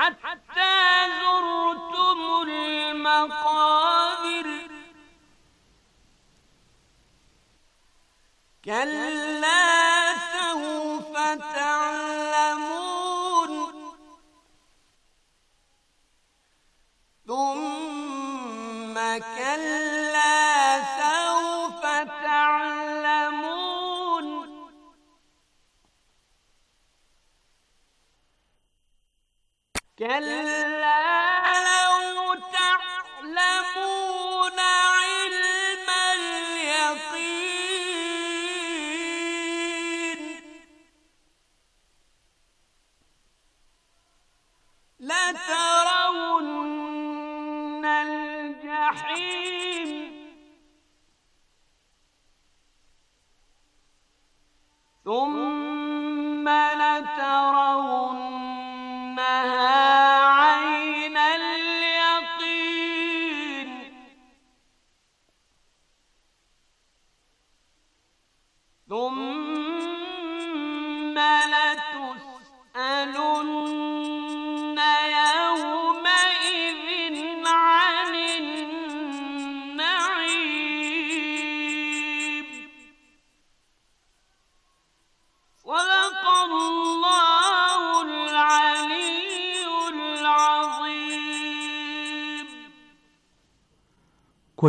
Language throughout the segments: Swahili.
حتى زرتم المقابر كلا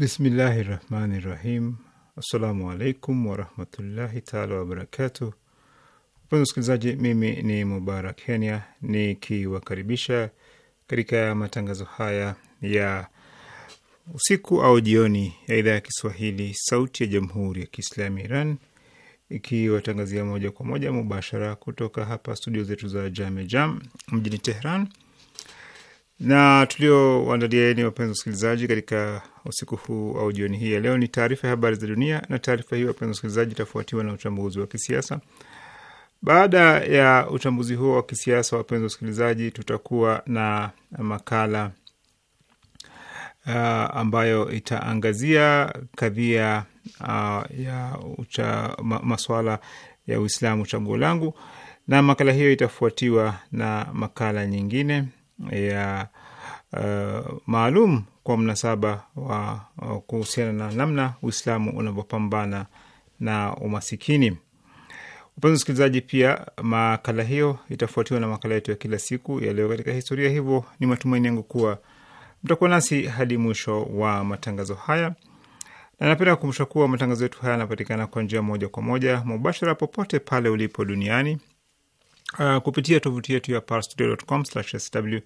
Bismillahi rahmani rahim. Assalamu alaikum warahmatullahi taala wabarakatuh. Wapenzi msikilizaji mimi ni Mubarak Kenya nikiwakaribisha katika matangazo haya ya usiku au jioni ya idhaa ya Kiswahili sauti ya jamhuri ya Kiislami Iran ikiwatangazia moja kwa moja mubashara kutoka hapa studio zetu za Jame Jam mjini Tehran na tulioandalieni wapenzi wasikilizaji, katika usiku huu au jioni hii ya leo ni taarifa ya habari za dunia, na taarifa hiyo wapenzi wasikilizaji, itafuatiwa na uchambuzi wa kisiasa. Baada ya uchambuzi huo wa kisiasa, wapenzi wasikilizaji, tutakuwa na makala uh, ambayo itaangazia kadhia uh, ya ucha, ma, maswala ya Uislamu chaguo langu, na makala hiyo itafuatiwa na makala nyingine ya uh, maalum kwa mnasaba wa uh, kuhusiana na namna Uislamu unavyopambana na umasikini. Upenzi msikilizaji, pia makala hiyo itafuatiwa na makala yetu ya kila siku ya leo katika historia. Hivyo ni matumaini yangu kuwa mtakuwa nasi hadi mwisho wa matangazo haya, na napenda kukumbusha kuwa matangazo yetu haya yanapatikana kwa njia moja kwa moja mubashara popote pale ulipo duniani uh, kupitia tovuti yetu ya parstoday.com/sw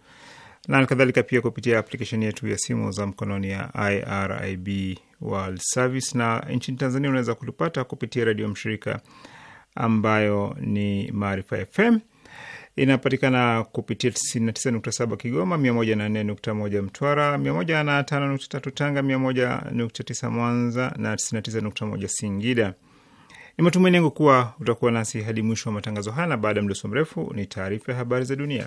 na kadhalika, pia kupitia aplikesheni yetu ya simu za mkononi ya IRIB World Service, na nchini Tanzania unaweza kutupata kupitia redio mshirika ambayo ni Maarifa FM inapatikana kupitia 99.7 Kigoma, 104.1 Mtwara, 105.3 Tanga, 101.9 Mwanza na 99.1 Singida. Ni matumaini yangu kuwa utakuwa nasi hadi mwisho wa matangazo haya, na baada ya mdoso mrefu ni taarifa ya habari za dunia.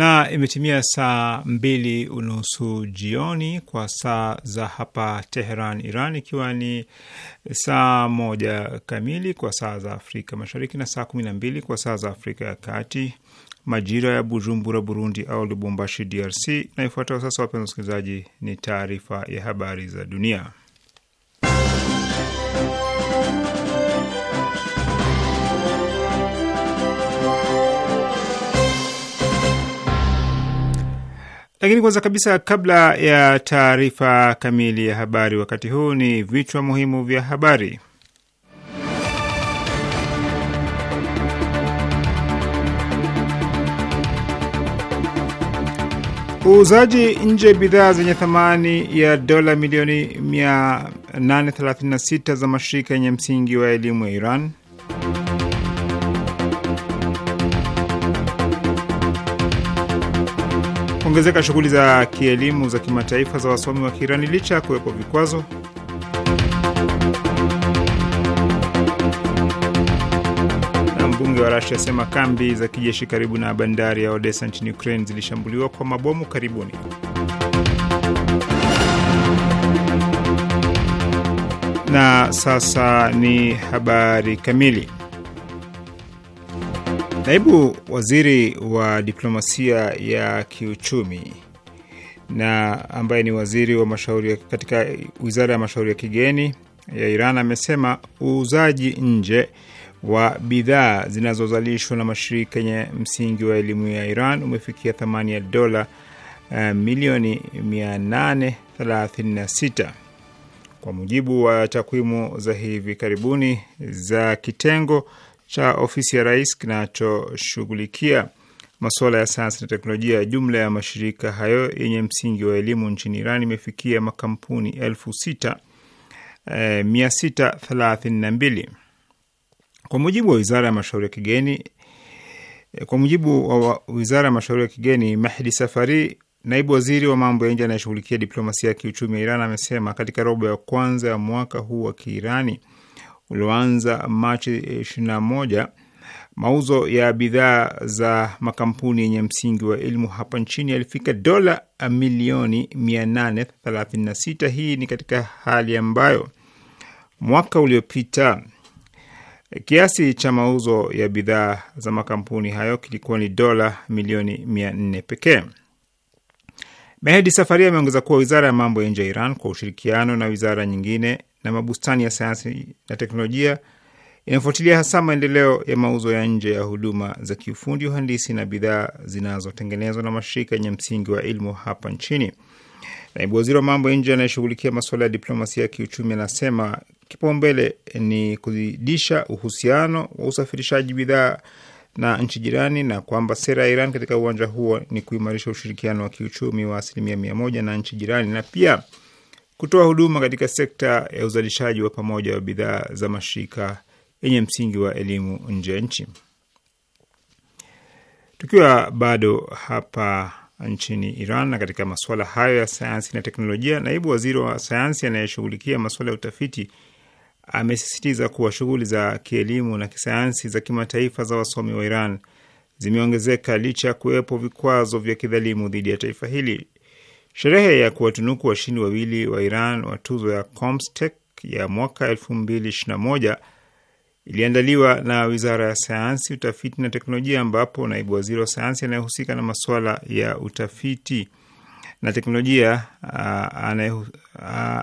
na imetimia saa mbili unusu jioni kwa saa za hapa Teheran, Iran, ikiwa ni saa moja kamili kwa saa za Afrika Mashariki na saa kumi na mbili kwa saa za Afrika ya Kati, majira ya Bujumbura, Burundi, au Lubumbashi, DRC. Inayofuatayo sasa, wapenzi wasikilizaji, ni taarifa ya habari za dunia. Lakini kwanza kabisa, kabla ya taarifa kamili ya habari wakati huu, ni vichwa muhimu vya habari. Uuzaji nje bidhaa zenye thamani ya dola milioni 836 za mashirika yenye msingi wa elimu ya Iran. kuongezeka shughuli za kielimu za kimataifa za wasomi wa Kiirani licha ya kuwepo vikwazo. Na mbunge wa Rasia asema kambi za kijeshi karibu na bandari ya Odessa nchini Ukraine zilishambuliwa kwa mabomu karibuni. Na sasa ni habari kamili. Naibu waziri wa diplomasia ya kiuchumi na ambaye ni waziri wa mashauri katika wizara ya mashauri ya kigeni ya Iran amesema uuzaji nje wa bidhaa zinazozalishwa na mashirika yenye msingi wa elimu ya Iran umefikia thamani ya dola uh, milioni 836 kwa mujibu wa takwimu za hivi karibuni za kitengo cha ofisi ya rais kinachoshughulikia masuala ya sayansi na teknolojia ya jumla ya mashirika hayo yenye msingi wa elimu nchini Iran imefikia makampuni elfu sita eh, mia sita thelathini na mbili kwa mujibu wa wizara ya mashauri ya kigeni. Eh, kwa mujibu wa wizara ya mashauri ya kigeni, Mahdi Safari, naibu waziri wa mambo ya nje anayeshughulikia diplomasia ya kiuchumi ya Iran, amesema katika robo ya kwanza ya mwaka huu wa Kiirani ulioanza Machi 21 mauzo ya bidhaa za makampuni yenye msingi wa elimu hapa nchini yalifika dola milioni 836. Hii ni katika hali ambayo mwaka uliopita kiasi cha mauzo ya bidhaa za makampuni hayo kilikuwa ni dola milioni 400 pekee. Mehdi Safari ameongeza kuwa wizara ya mambo ya nje ya Iran kwa ushirikiano na wizara nyingine na mabustani ya sayansi na teknolojia inafuatilia hasa maendeleo ya mauzo ya nje ya huduma za kiufundi, uhandisi na bidhaa zinazotengenezwa na mashirika yenye msingi wa elimu hapa nchini. Naibu waziri wa mambo ya nje anayeshughulikia masuala ya diplomasia ya kiuchumi anasema kipaumbele ni kuzidisha uhusiano wa usafirishaji bidhaa na nchi jirani na kwamba sera ya Iran katika uwanja huo ni kuimarisha ushirikiano wa kiuchumi wa asilimia mia moja na nchi jirani na pia kutoa huduma katika sekta ya uzalishaji wa pamoja wa bidhaa za mashirika yenye msingi wa elimu nje ya nchi. Tukiwa bado hapa nchini Iran na katika masuala hayo ya sayansi na teknolojia, naibu waziri wa sayansi anayeshughulikia masuala ya utafiti amesisitiza kuwa shughuli za kielimu na kisayansi za kimataifa za wasomi wa Iran zimeongezeka licha ya kuwepo vikwazo vya kidhalimu dhidi ya taifa hili. Sherehe ya kuwatunuku washindi wawili wa Iran wa tuzo ya Comstek ya mwaka 2021 iliandaliwa na Wizara ya Sayansi, Utafiti na Teknolojia, ambapo naibu waziri wa sayansi anayehusika na masuala ya utafiti na teknolojia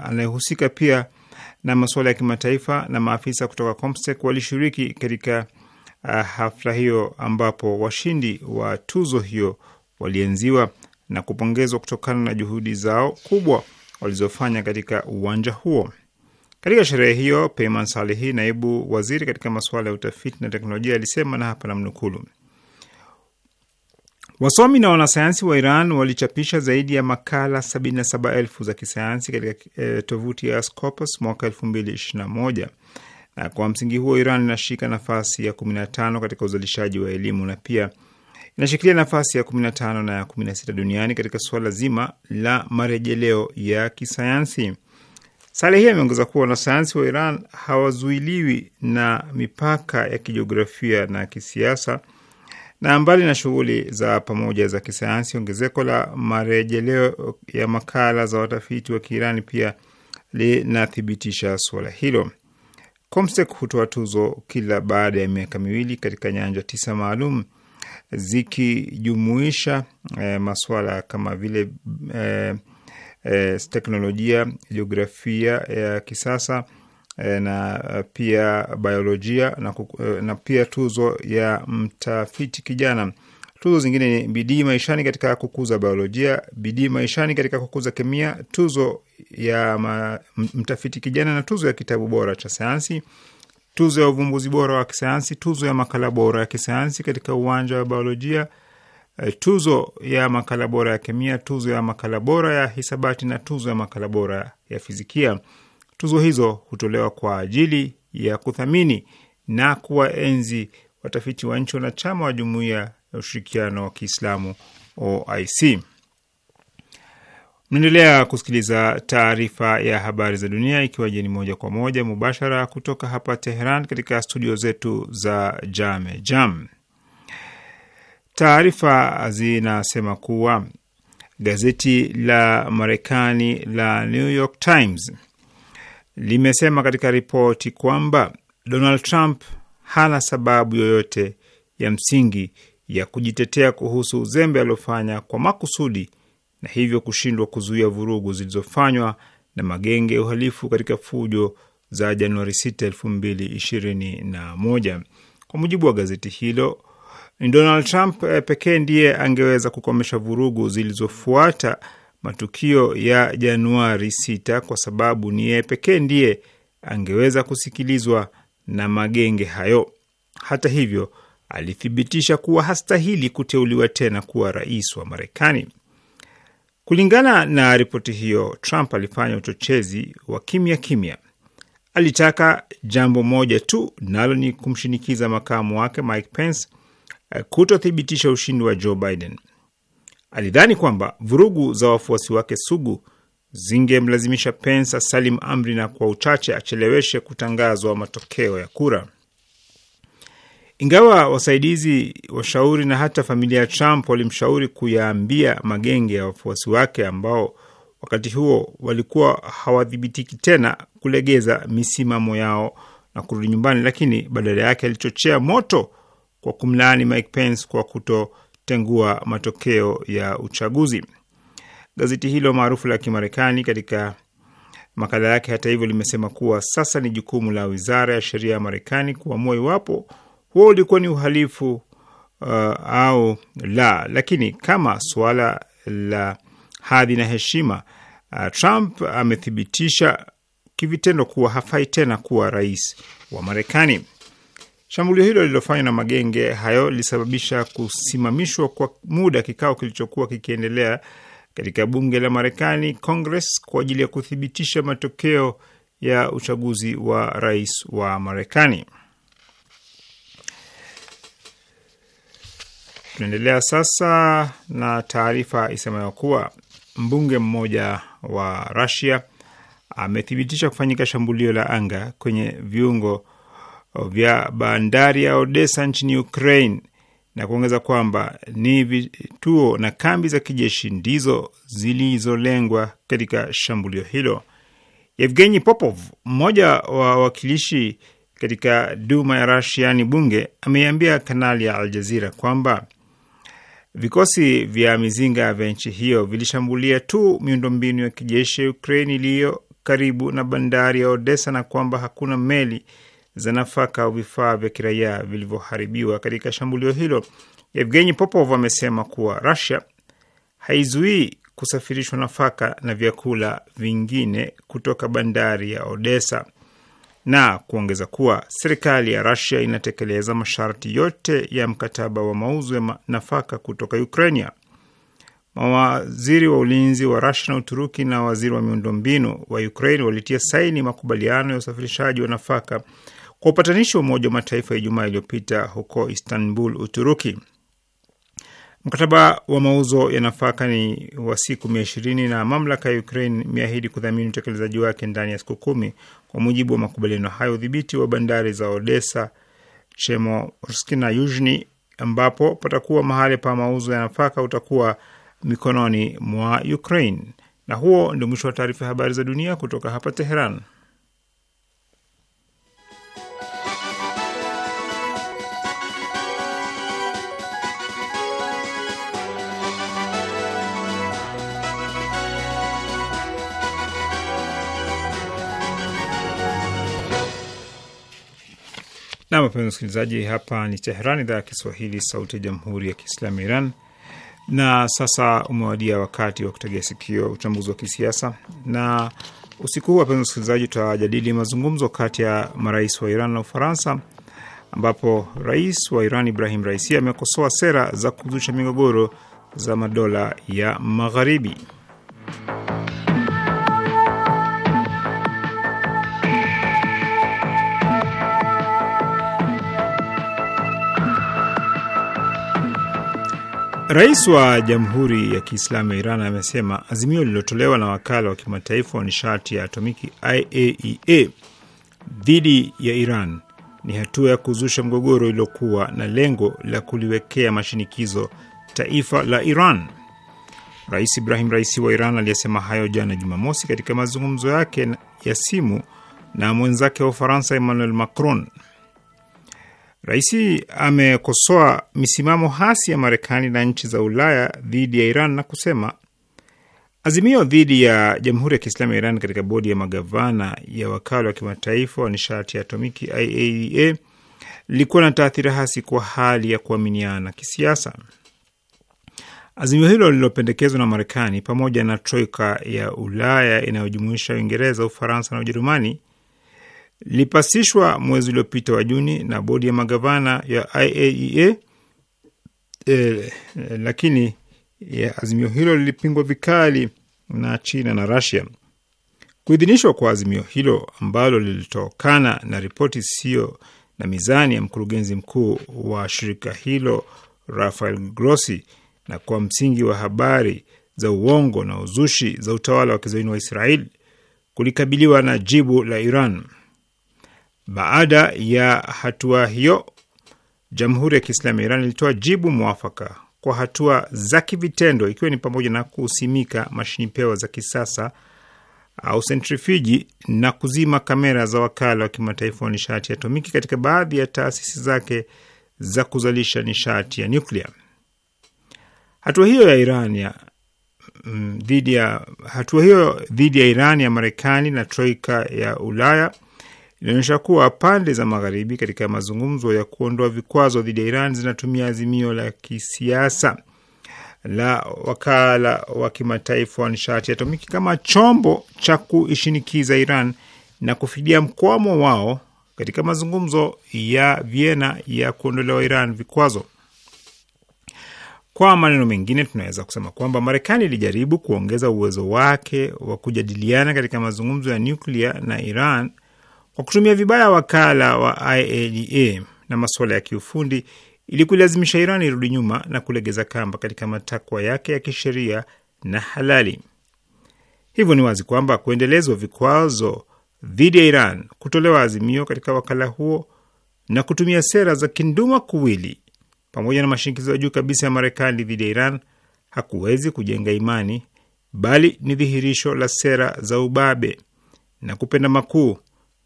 anayehusika pia na masuala ya kimataifa na maafisa kutoka Comstek walishiriki katika hafla hiyo ambapo washindi wa tuzo hiyo walienziwa na kupongezwa kutokana na juhudi zao kubwa walizofanya katika uwanja huo. Katika sherehe hiyo, Peyman Salehi, naibu waziri katika masuala ya utafiti na teknolojia, alisema na hapa namnukulu: wasomi na wanasayansi wa Iran walichapisha zaidi ya makala 77,000 za kisayansi katika e, tovuti ya Scopus mwaka 2021 na kwa msingi huo Iran inashika nafasi ya 15 katika uzalishaji wa elimu na pia inashikilia nafasi ya 15 na ya 16 duniani katika suala zima la marejeleo ya kisayansi. Salehi ameongeza kuwa wanasayansi wa Iran hawazuiliwi na mipaka ya kijiografia na kisiasa, na mbali na shughuli za pamoja za kisayansi, ongezeko la marejeleo ya makala za watafiti wa Kiirani pia linathibitisha suala hilo. Comsec hutoa tuzo kila baada ya miaka miwili katika nyanja tisa maalum zikijumuisha e, eh, masuala kama vile e, e, teknolojia, jiografia ya kisasa e, na pia biolojia na, na pia tuzo ya mtafiti kijana. Tuzo zingine ni bidii maishani katika kukuza biolojia, bidii maishani katika kukuza kemia, tuzo ya ma, mtafiti kijana na tuzo ya kitabu bora cha sayansi tuzo ya uvumbuzi bora wa kisayansi, tuzo ya makala bora ya kisayansi katika uwanja wa biolojia, eh, tuzo ya makala bora ya kemia, tuzo ya makala bora ya hisabati na tuzo ya makala bora ya fizikia. Tuzo hizo hutolewa kwa ajili ya kuthamini na kuwaenzi watafiti wa nchi wanachama wa Jumuiya ya Ushirikiano wa Kiislamu, OIC. Mnaendelea kusikiliza taarifa ya habari za dunia ikiwa jeni moja kwa moja mubashara kutoka hapa Teheran katika studio zetu za Jame Jam. Taarifa zinasema kuwa gazeti la Marekani la New York Times limesema katika ripoti kwamba Donald Trump hana sababu yoyote ya msingi ya kujitetea kuhusu uzembe aliofanya kwa makusudi na hivyo kushindwa kuzuia vurugu zilizofanywa na magenge ya uhalifu katika fujo za Januari 6, 2021. Kwa mujibu wa gazeti hilo, ni Donald Trump eh, pekee ndiye angeweza kukomesha vurugu zilizofuata matukio ya Januari 6 kwa sababu ni yeye pekee ndiye angeweza kusikilizwa na magenge hayo. Hata hivyo, alithibitisha kuwa hastahili kuteuliwa tena kuwa rais wa Marekani. Kulingana na ripoti hiyo, Trump alifanya uchochezi wa kimya kimya. Alitaka jambo moja tu, nalo ni kumshinikiza makamu wake Mike Pence eh, kutothibitisha ushindi wa Joe Biden. Alidhani kwamba vurugu za wafuasi wake sugu zingemlazimisha Pence asalim amri na kwa uchache acheleweshe kutangazwa matokeo ya kura. Ingawa wasaidizi, washauri na hata familia ya Trump walimshauri kuyaambia magenge ya wafuasi wake ambao wakati huo walikuwa hawadhibitiki tena kulegeza misimamo yao na kurudi nyumbani, lakini badala yake alichochea moto kwa kumlaani Mike Pence kwa kutotengua matokeo ya uchaguzi. Gazeti hilo maarufu la Kimarekani katika makala yake, hata hivyo, limesema kuwa sasa ni jukumu la wizara ya sheria ya Marekani kuamua iwapo huo ulikuwa ni uhalifu uh, au la. Lakini kama suala la hadhi na heshima uh, Trump amethibitisha kivitendo kuwa hafai tena kuwa rais wa Marekani. Shambulio hilo lililofanywa na magenge hayo lilisababisha kusimamishwa kwa muda kikao kilichokuwa kikiendelea katika bunge la Marekani, Congress, kwa ajili ya kuthibitisha matokeo ya uchaguzi wa rais wa Marekani. Tunaendelea sasa na taarifa isemayo kuwa mbunge mmoja wa rasia amethibitisha kufanyika shambulio la anga kwenye viungo vya bandari ya Odessa nchini Ukraine na kuongeza kwamba ni vituo na kambi za kijeshi ndizo zilizolengwa katika shambulio hilo. Yevgeni Popov, mmoja wa wawakilishi katika Duma ya Rasia, yani bunge, ameiambia kanali ya Al Jazira kwamba Vikosi vya mizinga vya nchi hiyo vilishambulia tu miundombinu ya kijeshi ya Ukraini iliyo karibu na bandari ya Odessa na kwamba hakuna meli za nafaka au vifaa vya kiraia vilivyoharibiwa katika shambulio hilo. Evgeni Popov amesema kuwa Russia haizuii kusafirishwa nafaka na vyakula vingine kutoka bandari ya Odessa na kuongeza kuwa serikali ya Rusia inatekeleza masharti yote ya mkataba wa mauzo ya nafaka kutoka ukrania Mawaziri wa ulinzi wa Rusia na Uturuki na waziri wa miundombinu wa Ukraini walitia saini makubaliano ya usafirishaji wa nafaka kwa upatanishi wa Umoja wa Mataifa ya Ijumaa iliyopita huko Istanbul, Uturuki. Mkataba wa mauzo ya nafaka ni wa siku mia ishirini na mamlaka ya Ukraine imeahidi kudhamini utekelezaji wake ndani ya siku kumi. Kwa mujibu wa makubaliano hayo, udhibiti wa bandari za Odessa, Chemorski na Yuzhni, ambapo patakuwa mahali pa mauzo ya nafaka, utakuwa mikononi mwa Ukraine. Na huo ndio mwisho wa taarifa ya habari za dunia kutoka hapa Teheran. Na mapenzi msikilizaji, hapa ni Teheran, idhaa ya Kiswahili, sauti ya jamhuri ya kiislamu Iran. Na sasa umewadia wakati wa kutegea sikio uchambuzi wa kisiasa, na usiku huu, wapenzi msikilizaji, tutajadili mazungumzo kati ya marais wa Iran na Ufaransa, ambapo rais wa Iran Ibrahim Raisi amekosoa sera za kuzusha migogoro za madola ya Magharibi. Rais wa Jamhuri ya Kiislamu ya Iran amesema azimio lililotolewa na wakala wa kimataifa wa nishati ya atomiki IAEA e dhidi ya Iran ni hatua ya kuzusha mgogoro iliyokuwa na lengo la kuliwekea mashinikizo taifa la Iran. Rais Ibrahim Raisi wa Iran aliyesema hayo jana Jumamosi katika mazungumzo yake ya simu na mwenzake wa Ufaransa Emmanuel Macron. Raisi amekosoa misimamo hasi ya Marekani na nchi za Ulaya dhidi ya Iran na kusema azimio dhidi ya Jamhuri ya Kiislamu ya Iran katika bodi ya magavana ya wakala wa kimataifa wa nishati ya atomiki IAEA e lilikuwa na taathira hasi kwa hali ya kuaminiana kisiasa. Azimio hilo lililopendekezwa na Marekani pamoja na troika ya Ulaya inayojumuisha Uingereza, Ufaransa na Ujerumani lipasishwa mwezi uliopita wa Juni na bodi ya magavana ya IAEA e, eh, eh, lakini ya eh, azimio hilo lilipingwa vikali na China na Russia. Kuidhinishwa kwa azimio hilo ambalo lilitokana na ripoti isiyo na mizani ya mkurugenzi mkuu wa shirika hilo Rafael Grossi na kwa msingi wa habari za uongo na uzushi za utawala wa kizaini wa Israeli kulikabiliwa na jibu la Iran. Baada ya hatua hiyo, Jamhuri ya Kiislamu ya Iran ilitoa jibu mwafaka kwa hatua za kivitendo, ikiwa ni pamoja na kusimika mashini pewa za kisasa au sentrifiji na kuzima kamera za wakala wa kimataifa wa nishati ya atomiki katika baadhi ya taasisi zake za kuzalisha nishati ya nyuklia. Hatua hiyo ya Iran ya mm, dhidi ya hatua hiyo dhidi ya Iran ya Marekani na troika ya Ulaya inaonyesha kuwa pande za Magharibi katika mazungumzo ya kuondoa vikwazo dhidi ya Iran zinatumia azimio la kisiasa la wakala wa kimataifa wa nishati atomiki kama chombo cha kuishinikiza Iran na kufidia mkwamo wao katika mazungumzo ya Vienna ya kuondolewa Iran vikwazo. Kwa maneno mengine, tunaweza kusema kwamba Marekani ilijaribu kuongeza uwezo wake wa kujadiliana katika mazungumzo ya nyuklia na Iran kwa kutumia vibaya wakala wa IAEA na masuala ya kiufundi ili kuilazimisha Iran irudi nyuma na kulegeza kamba katika matakwa yake ya kisheria na halali. Hivyo ni wazi kwamba kuendelezwa vikwazo dhidi ya Iran, kutolewa azimio katika wakala huo na kutumia sera za kinduma kuwili pamoja na mashinikizo ya juu kabisa ya Marekani dhidi ya Iran hakuwezi kujenga imani, bali ni dhihirisho la sera za ubabe na kupenda makuu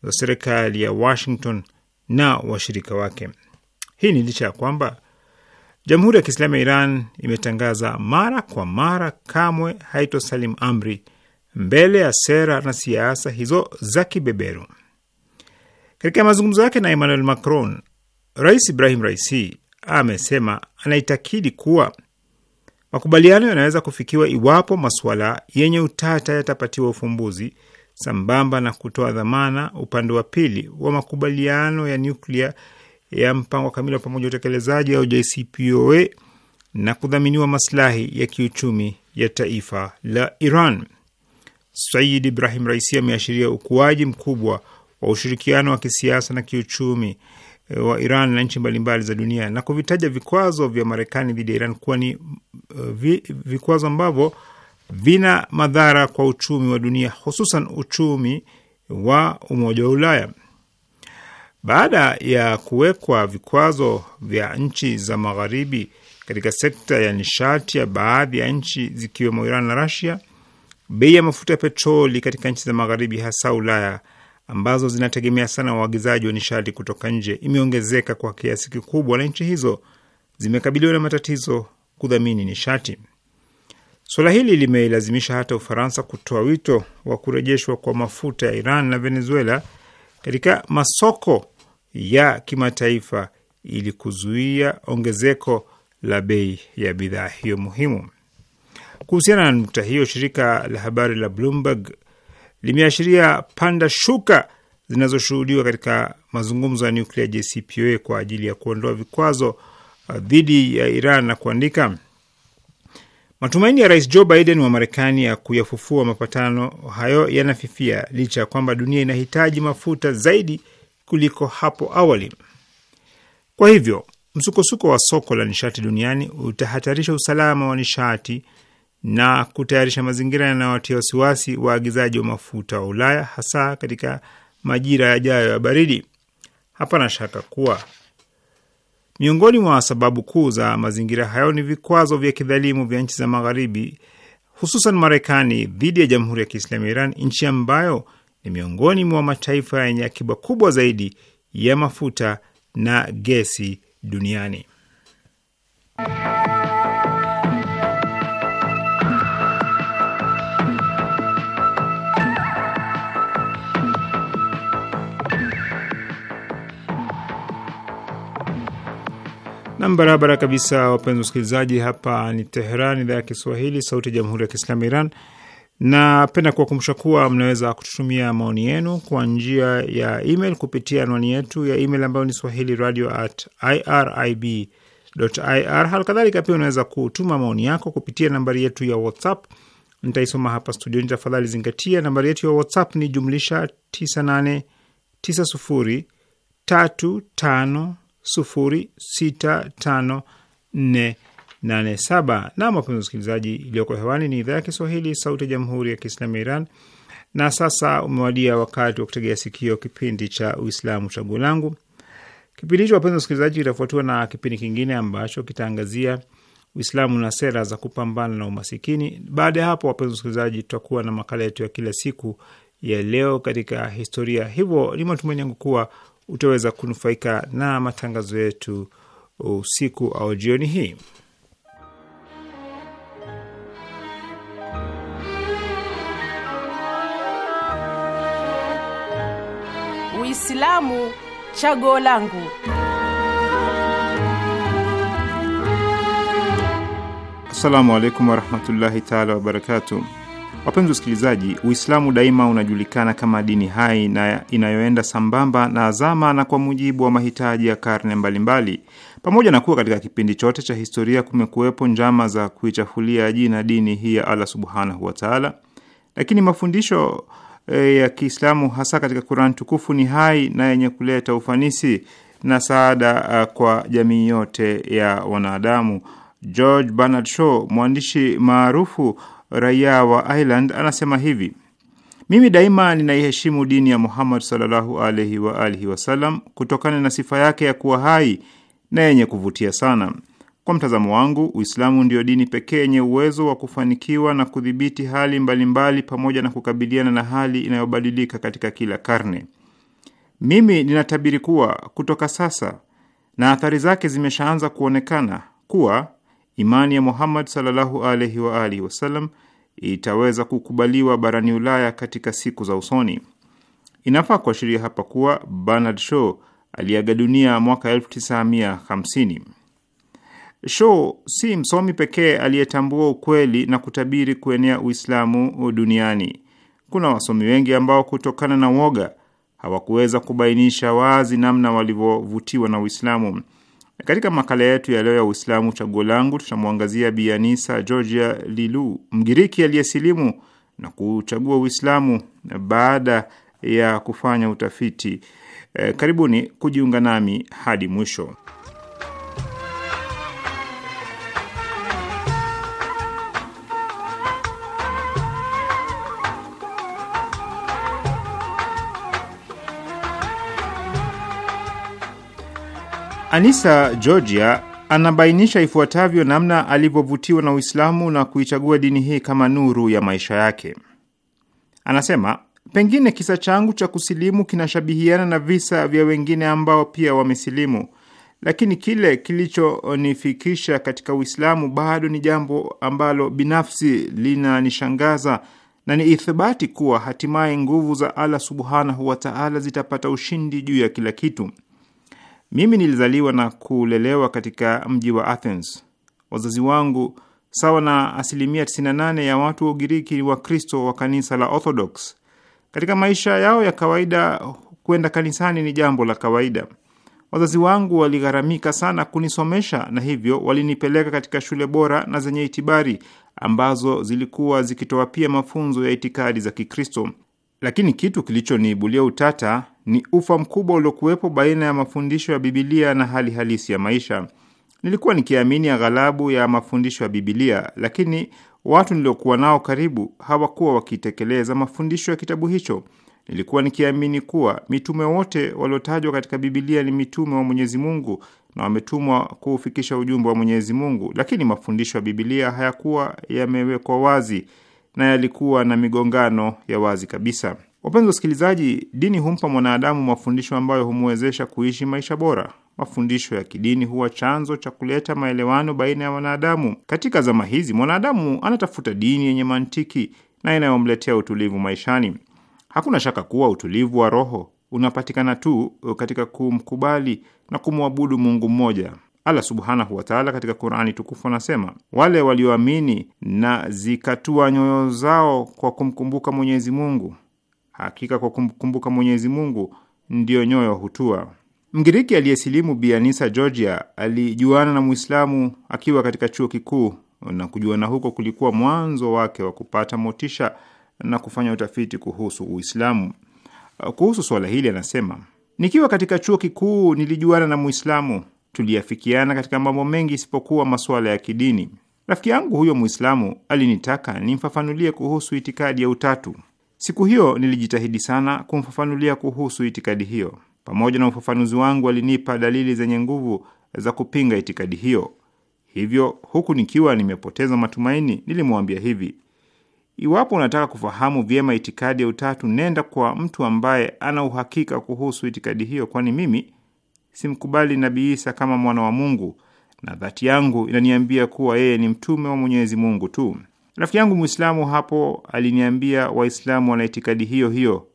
za serikali ya Washington na washirika wake. Hii ni licha ya kwamba Jamhuri ya Kiislamu ya Iran imetangaza mara kwa mara kamwe haitosalim amri mbele ya sera na siasa hizo za kibeberu. Katika mazungumzo yake na Emmanuel Macron, Rais Ibrahim Raisi amesema anaitakidi kuwa makubaliano yanaweza kufikiwa iwapo masuala yenye utata yatapatiwa ufumbuzi sambamba na kutoa dhamana upande wa pili wa makubaliano ya nyuklia ya mpango kamili wa pamoja utekelezaji au JCPOA na kudhaminiwa maslahi ya kiuchumi ya taifa la Iran. Said Ibrahim Raisi ameashiria ukuaji mkubwa wa ushirikiano wa kisiasa na kiuchumi eh, wa Iran na nchi mbalimbali za dunia na kuvitaja vikwazo vya Marekani dhidi ya Iran kuwa ni eh, vikwazo ambavyo vina madhara kwa uchumi wa dunia, hususan uchumi wa Umoja wa Ulaya. Baada ya kuwekwa vikwazo vya nchi za magharibi katika sekta ya nishati ya baadhi ya nchi zikiwemo Iran na Rasia, bei ya mafuta ya petroli katika nchi za magharibi, hasa Ulaya ambazo zinategemea sana uagizaji wa nishati kutoka nje, imeongezeka kwa kiasi kikubwa, na nchi hizo zimekabiliwa na matatizo kudhamini nishati. Suala hili limeilazimisha hata Ufaransa kutoa wito wa kurejeshwa kwa mafuta ya Iran na Venezuela katika masoko ya kimataifa ili kuzuia ongezeko la bei ya bidhaa hiyo muhimu. Kuhusiana na nukta hiyo, shirika la habari la Bloomberg limeashiria panda shuka zinazoshuhudiwa katika mazungumzo ya nuklia JCPOA kwa ajili ya kuondoa vikwazo uh, dhidi ya Iran na kuandika Matumaini ya Rais Joe Biden wa Marekani ya kuyafufua mapatano hayo yanafifia licha ya kwamba dunia inahitaji mafuta zaidi kuliko hapo awali. Kwa hivyo msukosuko wa soko la nishati duniani utahatarisha usalama wa nishati na kutayarisha mazingira yanayowatia wasiwasi waagizaji wa mafuta wa Ulaya, hasa katika majira yajayo ya baridi. Hapana shaka kuwa Miongoni mwa sababu kuu za mazingira hayo ni vikwazo vya kidhalimu vya nchi za Magharibi, hususan Marekani dhidi ya Jamhuri ya Kiislamu ya Iran, nchi ambayo ni miongoni mwa mataifa yenye akiba kubwa zaidi ya mafuta na gesi duniani. Nam barabara kabisa, wapenzi wasikilizaji, hapa ni Teheran, idhaa ya Kiswahili, sauti ya jamhuri ya kiislamu Iran. Napenda kuwakumbusha kuwa mnaweza kututumia maoni yenu kwa njia ya email kupitia anwani yetu ya email ambayo ni swahili radio at irib ir. kadhalika pia unaweza kutuma maoni yako kupitia nambari yetu ya WhatsApp. Nitaisoma hapa studioni, tafadhali zingatia nambari yetu ya WhatsApp ni jumlisha 989035 065487. Na wapenzi wasikilizaji, iliyoko hewani ni idhaa ya Kiswahili sauti ya jamhuri ya kiislamu ya Iran. Na sasa umewadia wakati wa kutegea sikio kipindi cha Uislamu chaguo langu. Kipindi hicho, wapenzi wasikilizaji, kitafuatiwa na kipindi kingine ambacho kitaangazia Uislamu na sera za kupambana na umasikini. Baada ya hapo, wapenzi wasikilizaji, tutakuwa na makala yetu ya kila siku ya leo katika historia. Hivyo ni matumaini yangu kuwa utaweza kunufaika na matangazo yetu usiku au jioni hii. Uislamu chaguo langu. Assalamu alaikum warahmatullahi taala wabarakatuh. Wapenzi wasikilizaji, Uislamu daima unajulikana kama dini hai na inayoenda sambamba na azama na kwa mujibu wa mahitaji ya karne mbalimbali mbali. Pamoja na kuwa katika kipindi chote cha historia kumekuwepo njama za kuichafulia jina dini hii ya Allah subhanahu wataala, lakini mafundisho e, ya Kiislamu hasa katika Quran tukufu ni hai na yenye kuleta ufanisi na saada kwa jamii yote ya wanadamu. George Bernard Shaw, mwandishi maarufu raia wa Ireland, anasema hivi: mimi daima ninaiheshimu dini ya Muhammad sallallahu alaihi wa alihi wasallam kutokana na sifa yake ya kuwa hai na yenye kuvutia sana. Kwa mtazamo wangu, Uislamu ndio dini pekee yenye uwezo wa kufanikiwa na kudhibiti hali mbalimbali pamoja na kukabiliana na hali inayobadilika katika kila karne. Mimi ninatabiri kuwa kutoka sasa, na athari zake zimeshaanza kuonekana, kuwa Imani ya Muhammad sallallahu alaihi wa alihi wasallam itaweza kukubaliwa barani Ulaya katika siku za usoni. Inafaa kuashiria hapa kuwa Bernard Shaw aliaga dunia mwaka 1950. Shaw si msomi pekee aliyetambua ukweli na kutabiri kuenea Uislamu duniani. Kuna wasomi wengi ambao kutokana na woga hawakuweza kubainisha wazi namna walivyovutiwa na Uislamu. Katika makala yetu ya leo ya Uislamu chaguo langu, tutamwangazia Bi Anisa Georgia Lilu, Mgiriki aliyesilimu na kuchagua Uislamu baada ya kufanya utafiti. Eh, karibuni kujiunga nami hadi mwisho. Anisa Georgia anabainisha ifuatavyo namna alivyovutiwa na Uislamu na kuichagua dini hii kama nuru ya maisha yake. Anasema, pengine kisa changu cha kusilimu kinashabihiana na visa vya wengine ambao pia wamesilimu, lakini kile kilichonifikisha katika Uislamu bado ni jambo ambalo binafsi linanishangaza na ni ithibati kuwa hatimaye nguvu za Allah subhanahu wataala zitapata ushindi juu ya kila kitu. Mimi nilizaliwa na kulelewa katika mji wa Athens. Wazazi wangu sawa na asilimia 98 ya watu wa Ugiriki ni Wakristo wa kanisa la Orthodox. Katika maisha yao ya kawaida, kwenda kanisani ni jambo la kawaida. Wazazi wangu waligharamika sana kunisomesha na hivyo walinipeleka katika shule bora na zenye itibari ambazo zilikuwa zikitoa pia mafunzo ya itikadi za Kikristo. Lakini kitu kilichoniibulia utata ni ufa mkubwa uliokuwepo baina ya mafundisho ya Bibilia na hali halisi ya maisha. Nilikuwa nikiamini aghalabu ya mafundisho ya Bibilia, lakini watu niliokuwa nao karibu hawakuwa wakitekeleza mafundisho ya kitabu hicho. Nilikuwa nikiamini kuwa mitume wote waliotajwa katika Bibilia ni mitume wa Mwenyezi Mungu na wametumwa kuufikisha ujumbe wa Mwenyezi Mungu, lakini mafundisho ya Bibilia hayakuwa yamewekwa wazi na yalikuwa na migongano ya wazi kabisa. Wapenzi wasikilizaji, dini humpa mwanadamu mafundisho ambayo humwezesha kuishi maisha bora. Mafundisho ya kidini huwa chanzo cha kuleta maelewano baina ya wanadamu. Katika zama hizi, mwanadamu anatafuta dini yenye mantiki na inayomletea utulivu maishani. Hakuna shaka kuwa utulivu wa roho unapatikana tu katika kumkubali na kumwabudu Mungu mmoja. Allah subhanahu wataala katika Qurani tukufu anasema, wale walioamini na zikatua nyoyo zao kwa kumkumbuka Mwenyezi Mungu Hakika kwa kumkumbuka Mwenyezi Mungu ndiyo nyoyo hutua. Mgiriki aliyesilimu Bianisa Georgia alijuana na Mwislamu akiwa katika chuo kikuu, na kujuana huko kulikuwa mwanzo wake wa kupata motisha na kufanya utafiti kuhusu Uislamu. Kuhusu suala hili anasema, nikiwa katika chuo kikuu nilijuana na Mwislamu. Tuliafikiana katika mambo mengi isipokuwa masuala ya kidini. Rafiki yangu huyo Mwislamu alinitaka nimfafanulie kuhusu itikadi ya utatu. Siku hiyo nilijitahidi sana kumfafanulia kuhusu itikadi hiyo. Pamoja na ufafanuzi wangu, alinipa dalili zenye nguvu za kupinga itikadi hiyo. Hivyo huku nikiwa nimepoteza matumaini, nilimwambia hivi: iwapo unataka kufahamu vyema itikadi ya utatu, nenda kwa mtu ambaye ana uhakika kuhusu itikadi hiyo, kwani mimi simkubali Nabii Isa kama mwana wa Mungu na dhati yangu inaniambia kuwa yeye ni mtume wa Mwenyezi Mungu tu. Rafiki yangu Mwislamu hapo aliniambia Waislamu wana itikadi hiyo hiyo,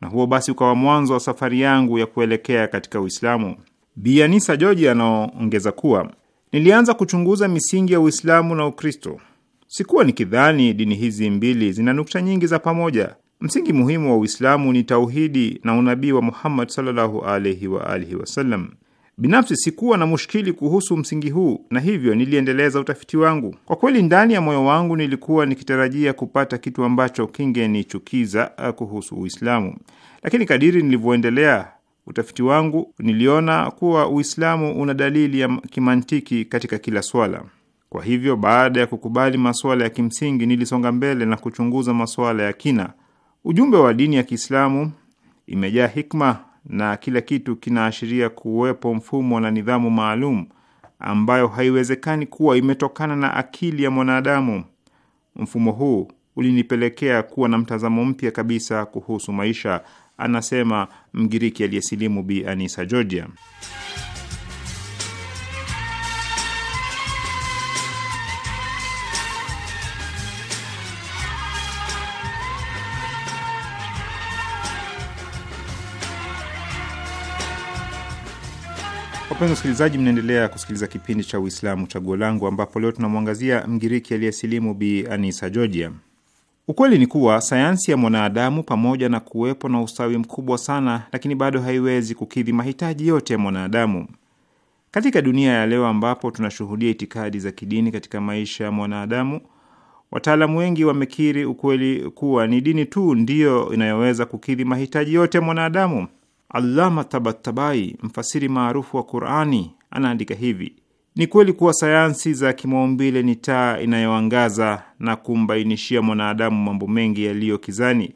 na huo basi ukawa mwanzo wa safari yangu ya kuelekea katika Uislamu. bianisa Joji anaongeza kuwa nilianza kuchunguza misingi ya Uislamu na Ukristo. Sikuwa nikidhani dini hizi mbili zina nukta nyingi za pamoja. Msingi muhimu wa Uislamu ni tauhidi na unabii wa Muhammad sallallahu alaihi wa alihi wasallam. Binafsi sikuwa na mushkili kuhusu msingi huu na hivyo niliendeleza utafiti wangu. Kwa kweli, ndani ya moyo wangu nilikuwa nikitarajia kupata kitu ambacho kingenichukiza uh, kuhusu Uislamu, lakini kadiri nilivyoendelea utafiti wangu niliona kuwa Uislamu una dalili ya kimantiki katika kila swala. Kwa hivyo, baada ya kukubali masuala ya kimsingi, nilisonga mbele na kuchunguza masuala ya kina. Ujumbe wa dini ya Kiislamu imejaa hikma na kila kitu kinaashiria kuwepo mfumo na nidhamu maalum ambayo haiwezekani kuwa imetokana na akili ya mwanadamu. Mfumo huu ulinipelekea kuwa na mtazamo mpya kabisa kuhusu maisha, anasema Mgiriki aliyesilimu Bi Anisa Georgia. Wapenzi wasikilizaji, mnaendelea kusikiliza kipindi cha Uislamu Chaguo Langu, ambapo leo tunamwangazia Mgiriki aliyesilimu Bi Anisa Georgia. Ukweli ni kuwa sayansi ya mwanadamu, pamoja na kuwepo na ustawi mkubwa sana, lakini bado haiwezi kukidhi mahitaji yote ya mwanadamu. Katika dunia ya leo, ambapo tunashuhudia itikadi za kidini katika maisha ya mwanadamu, wataalamu wengi wamekiri ukweli kuwa ni dini tu ndiyo inayoweza kukidhi mahitaji yote ya mwanadamu. Allama Tabatabai, mfasiri maarufu wa Qurani, anaandika hivi: ni kweli kuwa sayansi za kimaumbile ni taa inayoangaza na kumbainishia mwanadamu mambo mengi yaliyo kizani,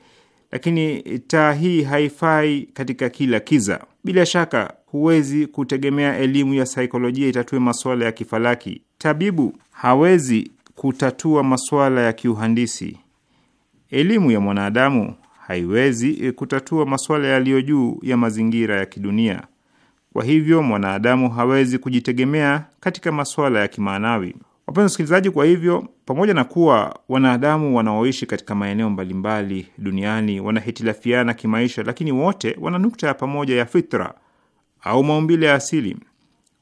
lakini taa hii haifai katika kila kiza. Bila shaka, huwezi kutegemea elimu ya saikolojia itatue masuala ya kifalaki. Tabibu hawezi kutatua masuala ya kiuhandisi. Elimu ya mwanadamu haiwezi eh, kutatua masuala yaliyo juu ya mazingira ya kidunia. Kwa hivyo mwanadamu hawezi kujitegemea katika masuala ya kimaanawi. Wapenzi wasikilizaji, kwa hivyo pamoja na kuwa wanadamu wanaoishi katika maeneo mbalimbali duniani wanahitilafiana kimaisha, lakini wote wana nukta ya pamoja ya fitra au maumbile ya asili.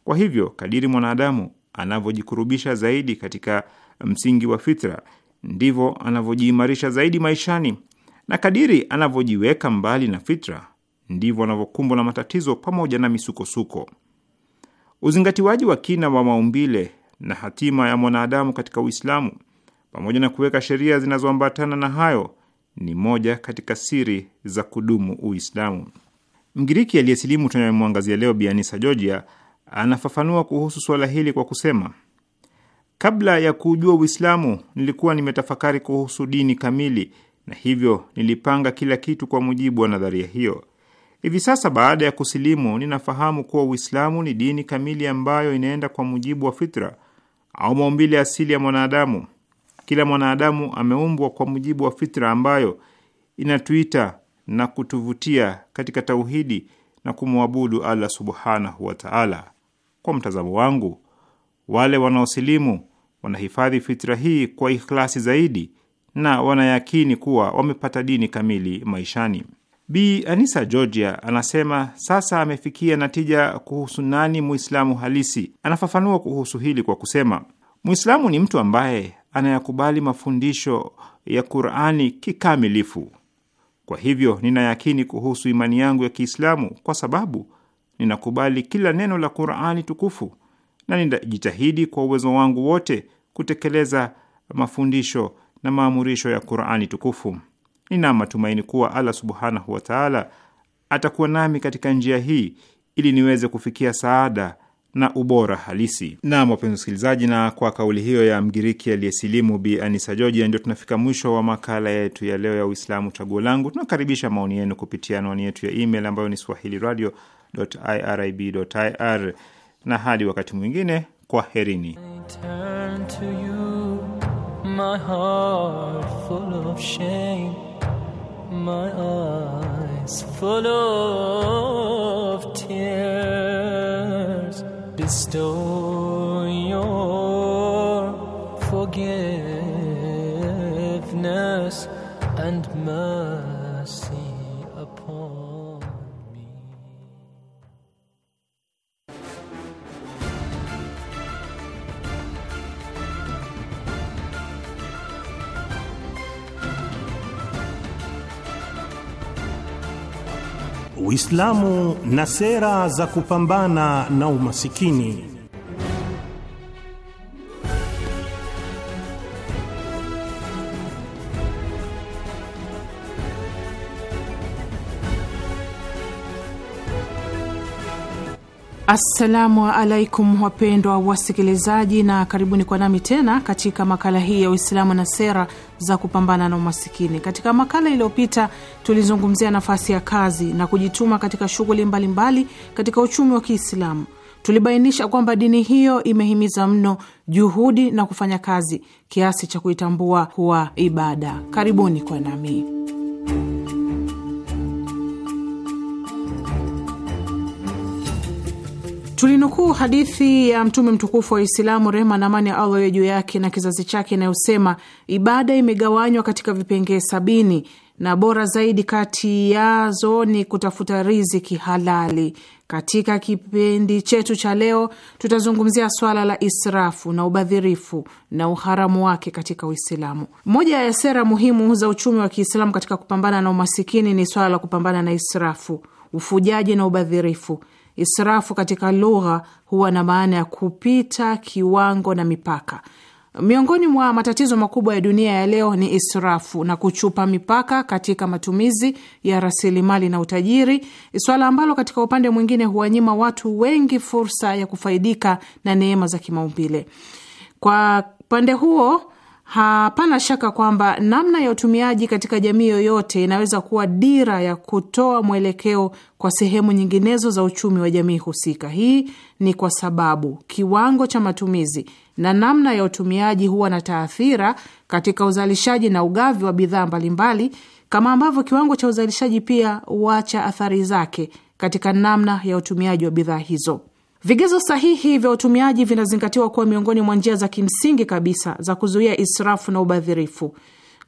Kwa hivyo kadiri mwanadamu anavyojikurubisha zaidi katika msingi wa fitra, ndivyo anavyojiimarisha zaidi maishani na kadiri anavyojiweka mbali na fitra ndivyo anavyokumbwa na matatizo pamoja na misukosuko. Uzingatiwaji wa kina wa maumbile na hatima ya mwanadamu katika Uislamu pamoja na kuweka sheria zinazoambatana na hayo ni moja katika siri za kudumu Uislamu. Mgiriki aliyesilimu tunayemwangazia leo, Bianisa Georgia, anafafanua kuhusu suala hili kwa kusema, kabla ya kujua Uislamu nilikuwa nimetafakari kuhusu dini kamili na hivyo nilipanga kila kitu kwa mujibu wa nadharia hiyo. Hivi sasa baada ya kusilimu, ninafahamu kuwa Uislamu ni dini kamili ambayo inaenda kwa mujibu wa fitra au maumbile asili ya mwanadamu. Kila mwanadamu ameumbwa kwa mujibu wa fitra ambayo inatuita na kutuvutia katika tauhidi na kumwabudu Allah subhanahu wa taala. Kwa mtazamo wangu, wale wanaosilimu wanahifadhi fitra hii kwa ikhlasi zaidi na wanayakini kuwa wamepata dini kamili maishani. Bi Anisa Georgia anasema sasa amefikia natija kuhusu nani Muislamu halisi. Anafafanua kuhusu hili kwa kusema, Muislamu ni mtu ambaye anayakubali mafundisho ya Qur'ani kikamilifu. Kwa hivyo ninayakini kuhusu imani yangu ya Kiislamu kwa sababu ninakubali kila neno la Qur'ani tukufu na ninajitahidi kwa uwezo wangu wote kutekeleza mafundisho na maamurisho ya Qurani tukufu. Nina matumaini kuwa Allah subhanahu wataala atakuwa nami katika njia hii ili niweze kufikia saada na ubora halisi. Naam, wapenzi wasikilizaji, na kwa kauli hiyo ya Mgiriki aliyesilimu Bi Anisa joji ndio tunafika mwisho wa makala yetu ya leo ya Uislamu Chaguo Langu. Tunakaribisha maoni yenu kupitia anwani yetu ya email ambayo ni swahili radio irib ir, na hadi wakati mwingine, kwaherini. my heart full of shame, my eyes full of tears. Bestow your forgiveness and mercy. Uislamu na sera za kupambana na umasikini. Assalamu alaikum wapendwa wasikilizaji, na karibuni kwa nami tena katika makala hii ya Uislamu na sera za kupambana na umasikini. Katika makala iliyopita tulizungumzia nafasi ya kazi na kujituma katika shughuli mbalimbali katika uchumi wa Kiislamu. Tulibainisha kwamba dini hiyo imehimiza mno juhudi na kufanya kazi kiasi cha kuitambua kuwa ibada. Karibuni kwa nami. Tulinukuu hadithi ya Mtume mtukufu wa islamu rehma na amani ya Allah juu yake na kizazi chake, inayosema ibada imegawanywa katika vipengee sabini na bora zaidi kati yazo ni kutafuta riziki halali. Katika kipindi chetu cha leo, tutazungumzia swala la israfu na ubadhirifu na uharamu wake katika Uislamu. Moja ya sera muhimu za uchumi wa Kiislamu katika kupambana na umasikini ni swala la kupambana na israfu, ufujaji na ubadhirifu. Israfu katika lugha huwa na maana ya kupita kiwango na mipaka. Miongoni mwa matatizo makubwa ya dunia ya leo ni israfu na kuchupa mipaka katika matumizi ya rasilimali na utajiri, swala ambalo katika upande mwingine huwanyima watu wengi fursa ya kufaidika na neema za kimaumbile. Kwa upande huo Hapana shaka kwamba namna ya utumiaji katika jamii yoyote inaweza kuwa dira ya kutoa mwelekeo kwa sehemu nyinginezo za uchumi wa jamii husika. Hii ni kwa sababu kiwango cha matumizi na namna ya utumiaji huwa na taathira katika uzalishaji na ugavi wa bidhaa mbalimbali, kama ambavyo kiwango cha uzalishaji pia huacha athari zake katika namna ya utumiaji wa bidhaa hizo. Vigezo sahihi vya utumiaji vinazingatiwa kuwa miongoni mwa njia za kimsingi kabisa za kuzuia israfu na ubadhirifu.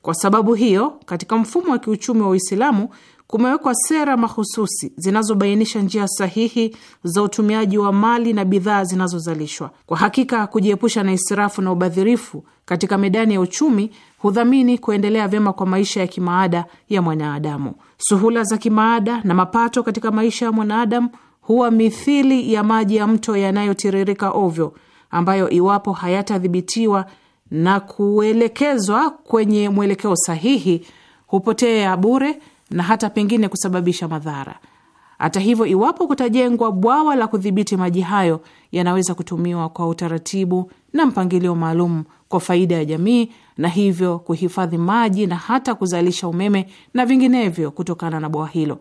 Kwa sababu hiyo, katika mfumo wa kiuchumi wa Uislamu kumewekwa sera mahususi zinazobainisha njia sahihi za utumiaji wa mali na bidhaa zinazozalishwa. Kwa hakika, kujiepusha na israfu na ubadhirifu katika medani ya uchumi hudhamini kuendelea vyema kwa maisha ya kimaada ya mwanadamu. Suhula za kimaada na mapato katika maisha ya mwanadamu huwa mithili ya maji ya mto yanayotiririka ovyo, ambayo iwapo hayatadhibitiwa na kuelekezwa kwenye mwelekeo sahihi hupotea bure na hata pengine kusababisha madhara. Hata hivyo, iwapo kutajengwa bwawa la kudhibiti maji hayo, yanaweza kutumiwa kwa utaratibu na mpangilio maalum kwa faida ya jamii, na hivyo kuhifadhi maji na hata kuzalisha umeme na vinginevyo kutokana na bwawa hilo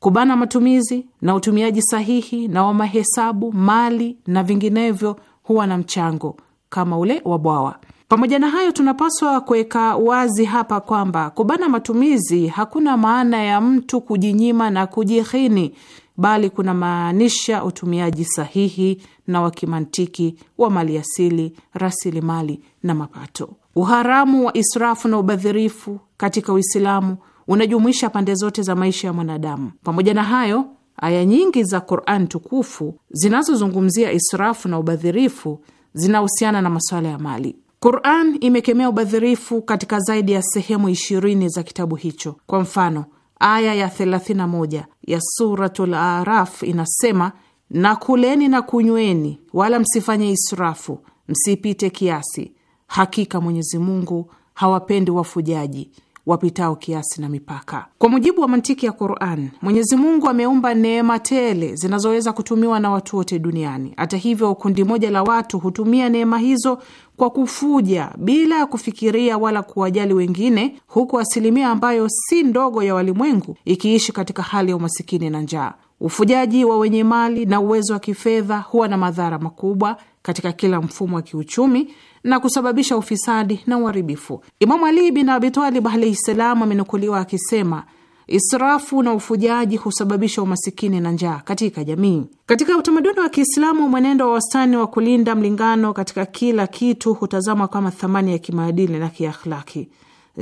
kubana matumizi na utumiaji sahihi na wa mahesabu mali na vinginevyo huwa na mchango kama ule wa bwawa. Pamoja na hayo, tunapaswa kuweka wazi hapa kwamba kubana matumizi hakuna maana ya mtu kujinyima na kujihini, bali kuna maanisha utumiaji sahihi na wa kimantiki wa maliasili, rasilimali na mapato. Uharamu wa israfu na ubadhirifu katika Uislamu unajumuisha pande zote za maisha ya mwanadamu. Pamoja na hayo, aya nyingi za Qur'an tukufu zinazozungumzia israfu na ubadhirifu zinahusiana na masuala ya mali. Qur'an imekemea ubadhirifu katika zaidi ya sehemu ishirini za kitabu hicho. Kwa mfano, aya ya 31 ya Suratul Araf inasema, na kuleni na kunyweni, wala msifanye israfu, msipite kiasi, hakika Mwenyezi Mungu hawapendi wafujaji wapitao kiasi na mipaka. Kwa mujibu wa mantiki ya Quran, Mwenyezi Mungu ameumba neema tele zinazoweza kutumiwa na watu wote duniani. Hata hivyo, kundi moja la watu hutumia neema hizo kwa kufuja bila ya kufikiria wala kuwajali wengine, huku asilimia ambayo si ndogo ya walimwengu ikiishi katika hali ya umasikini na njaa. Ufujaji wa wenye mali na uwezo wa kifedha huwa na madhara makubwa katika kila mfumo wa kiuchumi na kusababisha ufisadi na uharibifu. Imamu Ali bin Abitalib alaihi salam amenukuliwa akisema Israfu na ufujaji husababisha umasikini na njaa katika jamii. Katika utamaduni wa Kiislamu, mwenendo wa wastani wa kulinda mlingano katika kila kitu hutazamwa kama thamani ya kimaadili na kiakhlaki.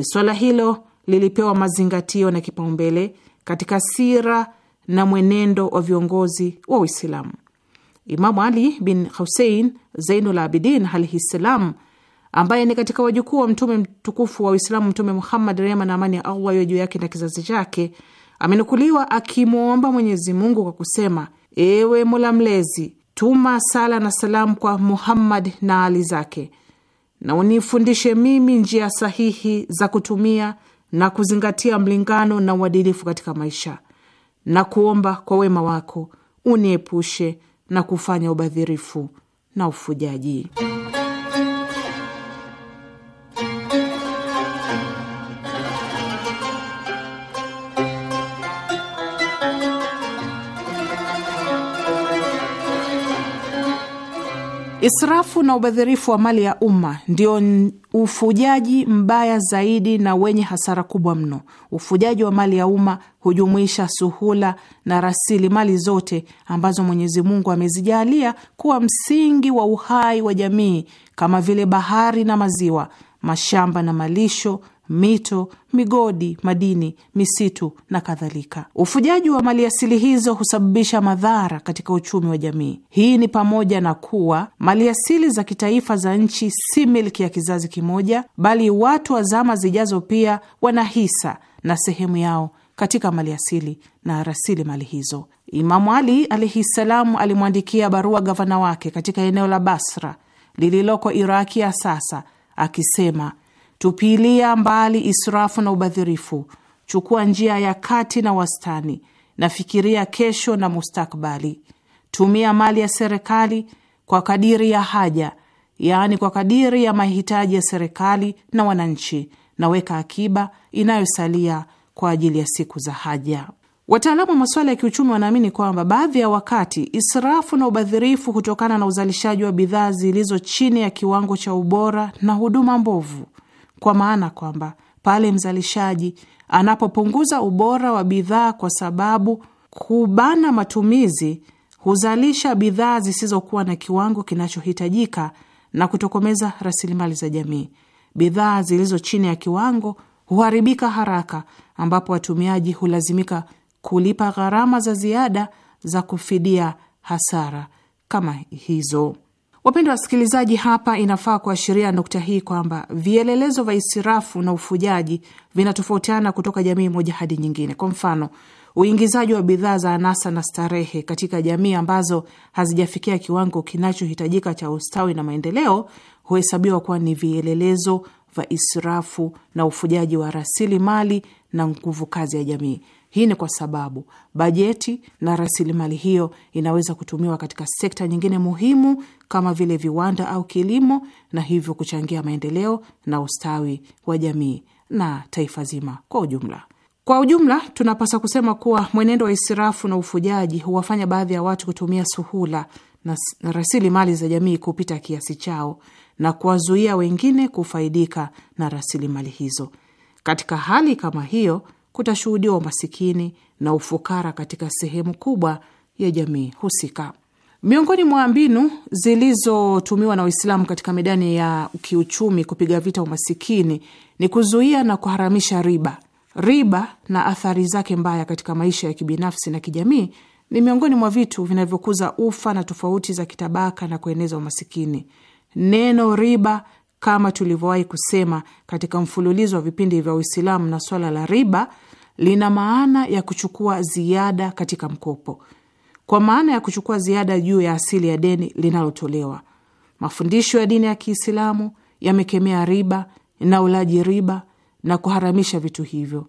Swala hilo lilipewa mazingatio na kipaumbele katika sira na mwenendo wa viongozi wa Uislamu. Imamu Ali bin Husein Zainul Abidin alaihi ssalam, ambaye ni katika wajukuu wa mtume mtukufu wa Uislamu, Mtume Muhammad, rehma na amani ya Allah iwe juu yake na kizazi chake, amenukuliwa akimwomba Mwenyezi Mungu kwa kusema: ewe Mola Mlezi, tuma sala na salamu kwa Muhammad na ali zake, na unifundishe mimi njia sahihi za kutumia na kuzingatia mlingano na uadilifu katika maisha, na kuomba kwa wema wako uniepushe na kufanya ubadhirifu na ufujaji. Israfu na ubadhirifu wa mali ya umma ndio ufujaji mbaya zaidi na wenye hasara kubwa mno. Ufujaji wa mali ya umma hujumuisha suhula na rasilimali zote ambazo Mwenyezi Mungu amezijalia kuwa msingi wa uhai wa jamii kama vile bahari na maziwa mashamba na malisho, mito, migodi, madini, misitu na kadhalika. Ufujaji wa maliasili hizo husababisha madhara katika uchumi wa jamii. Hii ni pamoja na kuwa maliasili za kitaifa za nchi si milki ya kizazi kimoja, bali watu wa zama zijazo pia wana hisa na sehemu yao katika maliasili na rasili mali hizo. Imamu Ali alaihi ssalam alimwandikia barua gavana wake katika eneo la Basra lililoko Iraki ya sasa akisema, tupilia mbali israfu na ubadhirifu, chukua njia ya kati na wastani, na fikiria kesho na mustakbali. Tumia mali ya serikali kwa kadiri ya haja, yaani kwa kadiri ya mahitaji ya serikali na wananchi, na weka akiba inayosalia kwa ajili ya siku za haja. Wataalamu wa masuala ya kiuchumi wanaamini kwamba baadhi ya wakati israfu na ubadhirifu hutokana na uzalishaji wa bidhaa zilizo chini ya kiwango cha ubora na huduma mbovu, kwa maana kwamba pale mzalishaji anapopunguza ubora wa bidhaa kwa sababu kubana matumizi, huzalisha bidhaa zisizokuwa na kiwango kinachohitajika na kutokomeza rasilimali za jamii. Bidhaa zilizo chini ya kiwango huharibika haraka, ambapo watumiaji hulazimika kulipa gharama za ziada za kufidia hasara kama hizo. Wapendwa wasikilizaji, hapa inafaa kuashiria nukta hii kwamba vielelezo vya isirafu na ufujaji vinatofautiana kutoka jamii moja hadi nyingine. Kwa mfano, uingizaji wa bidhaa za anasa na starehe katika jamii ambazo hazijafikia kiwango kinachohitajika cha ustawi na maendeleo huhesabiwa kuwa ni vielelezo vya israfu na ufujaji wa rasilimali na nguvu kazi ya jamii. Hii ni kwa sababu bajeti na rasilimali hiyo inaweza kutumiwa katika sekta nyingine muhimu kama vile viwanda au kilimo, na hivyo kuchangia maendeleo na ustawi wa jamii na taifa zima kwa ujumla. Kwa ujumla, tunapaswa kusema kuwa mwenendo wa israfu na ufujaji huwafanya baadhi ya watu kutumia suhula na rasilimali za jamii kupita kiasi chao na kuwazuia wengine kufaidika na rasilimali hizo. Katika hali kama hiyo kutashuhudiwa umasikini na ufukara katika sehemu kubwa ya jamii husika. Miongoni mwa mbinu zilizotumiwa na Waislamu katika medani ya kiuchumi kupiga vita umasikini ni kuzuia na kuharamisha riba. Riba na athari zake mbaya katika maisha ya kibinafsi na kijamii ni miongoni mwa vitu vinavyokuza ufa na tofauti za kitabaka na kueneza umasikini. Neno riba, kama tulivyowahi kusema katika mfululizo wa vipindi vya Uislamu na swala la riba, lina maana ya kuchukua ziada katika mkopo, kwa maana ya kuchukua ziada juu ya asili ya deni linalotolewa. Mafundisho ya dini ya Kiislamu yamekemea riba na ulaji riba na kuharamisha vitu hivyo.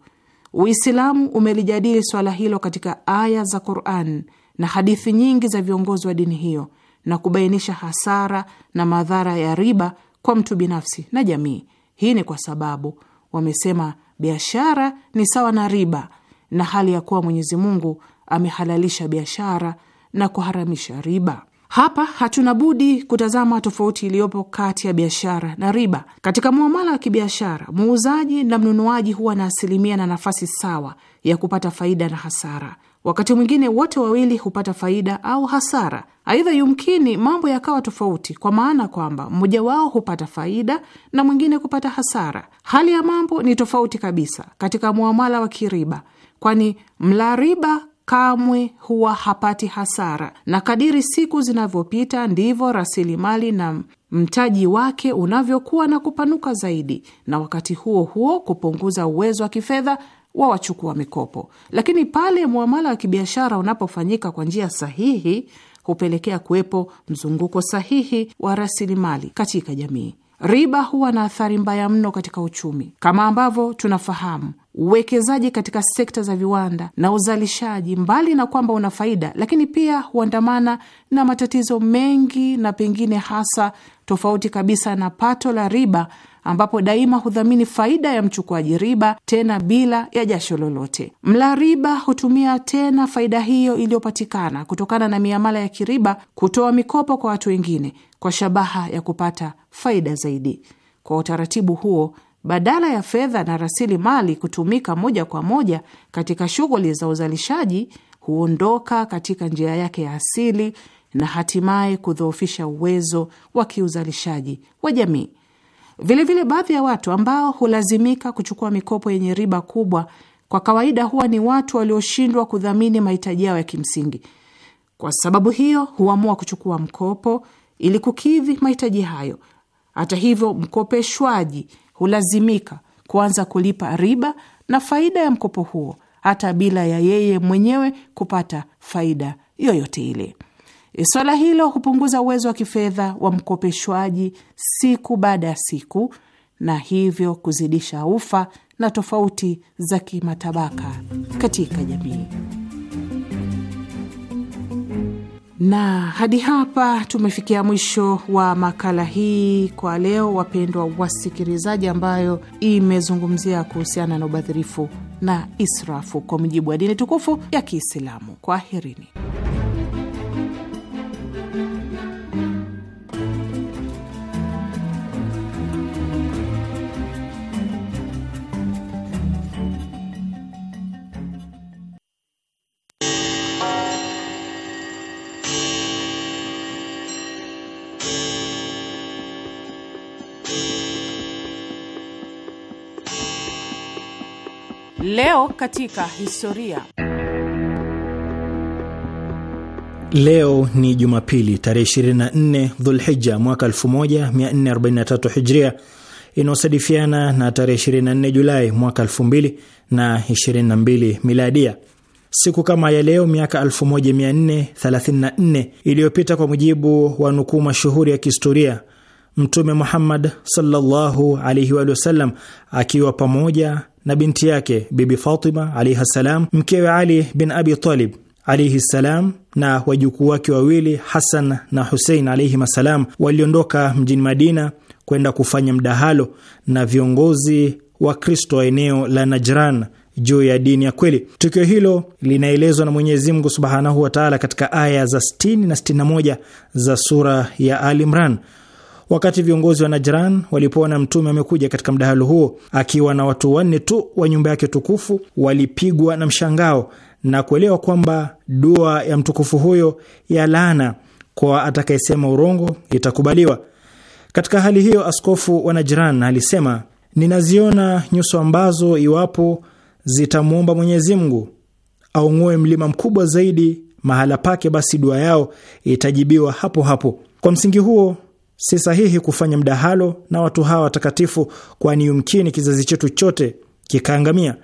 Uislamu umelijadili swala hilo katika aya za Quran na hadithi nyingi za viongozi wa dini hiyo na kubainisha hasara na madhara ya riba kwa mtu binafsi na jamii. Hii ni kwa sababu wamesema biashara ni sawa na riba, na hali ya kuwa Mwenyezi Mungu amehalalisha biashara na kuharamisha riba. Hapa hatuna budi kutazama tofauti iliyopo kati ya biashara na riba. Katika muamala wa kibiashara, muuzaji na mnunuaji huwa na asilimia na nafasi sawa ya kupata faida na hasara. Wakati mwingine wote wawili hupata faida au hasara. Aidha, yumkini mambo yakawa tofauti, kwa maana kwamba mmoja wao hupata faida na mwingine kupata hasara. Hali ya mambo ni tofauti kabisa katika muamala wa kiriba, kwani mla riba kamwe huwa hapati hasara, na kadiri siku zinavyopita ndivyo rasilimali na mtaji wake unavyokuwa na kupanuka zaidi, na wakati huo huo kupunguza uwezo wa kifedha wa wachukua mikopo, lakini pale muamala wa kibiashara unapofanyika kwa njia sahihi hupelekea kuwepo mzunguko sahihi wa rasilimali katika jamii. Riba huwa na athari mbaya mno katika uchumi. Kama ambavyo tunafahamu, uwekezaji katika sekta za viwanda na uzalishaji, mbali na kwamba una faida, lakini pia huandamana na matatizo mengi na pengine hasa tofauti kabisa na pato la riba ambapo daima hudhamini faida ya mchukuaji riba tena bila ya jasho lolote. Mla riba hutumia tena faida hiyo iliyopatikana kutokana na miamala ya kiriba kutoa mikopo kwa watu wengine kwa shabaha ya kupata faida zaidi. Kwa utaratibu huo, badala ya fedha na rasili mali kutumika moja kwa moja katika shughuli za uzalishaji, huondoka katika njia yake ya asili na hatimaye kudhoofisha uwezo wa kiuzalishaji wa jamii. Vilevile, baadhi ya watu ambao hulazimika kuchukua mikopo yenye riba kubwa kwa kawaida huwa ni watu walioshindwa kudhamini mahitaji yao ya kimsingi. Kwa sababu hiyo, huamua kuchukua mkopo ili kukidhi mahitaji hayo. Hata hivyo, mkopeshwaji hulazimika kuanza kulipa riba na faida ya mkopo huo hata bila ya yeye mwenyewe kupata faida yoyote ile. E swala hilo hupunguza uwezo wa kifedha wa mkopeshwaji siku baada ya siku, na hivyo kuzidisha ufa na tofauti za kimatabaka katika jamii. Na hadi hapa tumefikia mwisho wa makala hii kwa leo, wapendwa wasikilizaji, ambayo imezungumzia kuhusiana na ubadhirifu na israfu kwa mujibu wa dini tukufu ya Kiislamu. Kwaherini. Leo katika historia. Leo ni Jumapili tarehe 24 Dhulhija mwaka 1443 Hijria, inayosadifiana na tarehe 24 Julai mwaka 2022 Miladia. Siku kama ya leo miaka 1434 iliyopita, kwa mujibu wa nukuu mashuhuri ya kihistoria, Mtume Muhammad sallallahu alaihi wa sallam akiwa pamoja na binti yake Bibi Fatima alaihi ssalam, mkewe Ali bin Abi Talib alaihi ssalam, na wajukuu wake wawili Hasan na Husein alaihim assalam, waliondoka mjini Madina kwenda kufanya mdahalo na viongozi wa Kristo wa eneo la Najran juu ya dini ya kweli. Tukio hilo linaelezwa na Mwenyezi Mungu subhanahu wa taala katika aya za 60 na 61 za sura ya al Imran. Wakati viongozi wa Najran walipoona mtume amekuja katika mdahalo huo akiwa na watu wanne tu wa nyumba yake tukufu, walipigwa na mshangao na kuelewa kwamba dua ya mtukufu huyo ya laana kwa atakayesema urongo itakubaliwa. Katika hali hiyo, askofu wa Najran alisema, ninaziona nyuso ambazo iwapo zitamwomba Mwenyezi Mungu aung'oe mlima mkubwa zaidi mahala pake, basi dua yao itajibiwa hapo hapo. Kwa msingi huo si sahihi kufanya mdahalo na watu hawa watakatifu, kwani yumkini kizazi chetu chote kikaangamia.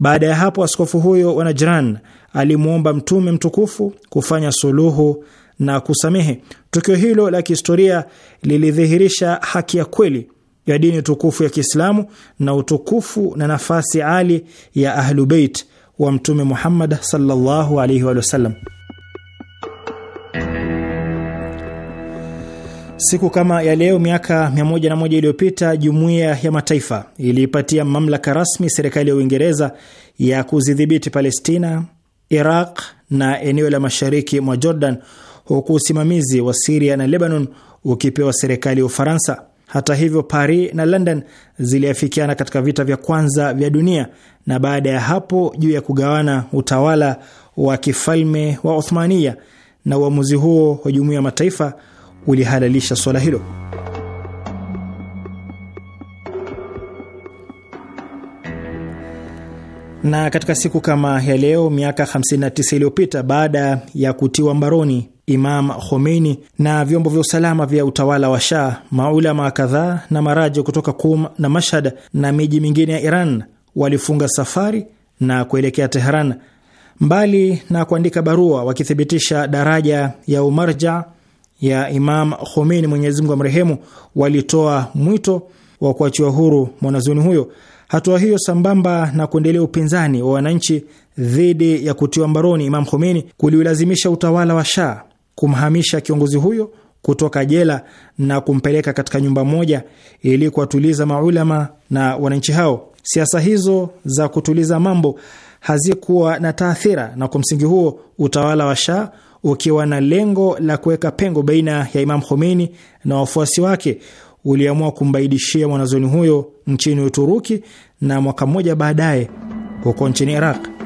Baada ya hapo, askofu huyo wa Najran alimwomba Mtume mtukufu kufanya suluhu na kusamehe. Tukio hilo la kihistoria lilidhihirisha haki ya kweli ya dini tukufu ya Kiislamu na utukufu na nafasi ali ya Ahlubeit wa Mtume Muhammad sallallahu alaihi wasallam. Siku kama ya leo miaka 101 iliyopita jumuiya ya Mataifa iliipatia mamlaka rasmi serikali ya Uingereza ya kuzidhibiti Palestina, Iraq na eneo la mashariki mwa Jordan, huku usimamizi wa Siria na Lebanon ukipewa serikali ya Ufaransa. Hata hivyo, Paris na London ziliafikiana katika vita vya kwanza vya dunia na baada ya hapo juu ya kugawana utawala wa kifalme wa Othmania, na uamuzi huo wa jumuiya ya Mataifa ulihalalisha swala hilo. Na katika siku kama ya leo miaka 59 iliyopita, baada ya kutiwa mbaroni Imam Khomeini na vyombo vya usalama vya utawala wa Shah, maulama kadhaa na maraji kutoka Kum na Mashhad na miji mingine ya Iran walifunga safari na kuelekea Teheran. Mbali na kuandika barua wakithibitisha daraja ya umarja ya Imam Khomeini, Mwenyezi Mungu amrehemu, walitoa mwito wa kuachiwa huru mwanazuoni huyo. Hatua hiyo sambamba na kuendelea upinzani wa wananchi dhidi ya kutiwa mbaroni Imam Khomeini kuliulazimisha utawala wa Shah kumhamisha kiongozi huyo kutoka jela na kumpeleka katika nyumba moja ili kuwatuliza maulama na wananchi hao. Siasa hizo za kutuliza mambo hazikuwa na taathira, na kwa msingi huo utawala wa Shah ukiwa na lengo la kuweka pengo baina ya Imam Khomeini na wafuasi wake, uliamua kumbaidishia mwanazoni huyo nchini Uturuki na mwaka mmoja baadaye huko nchini Iraq.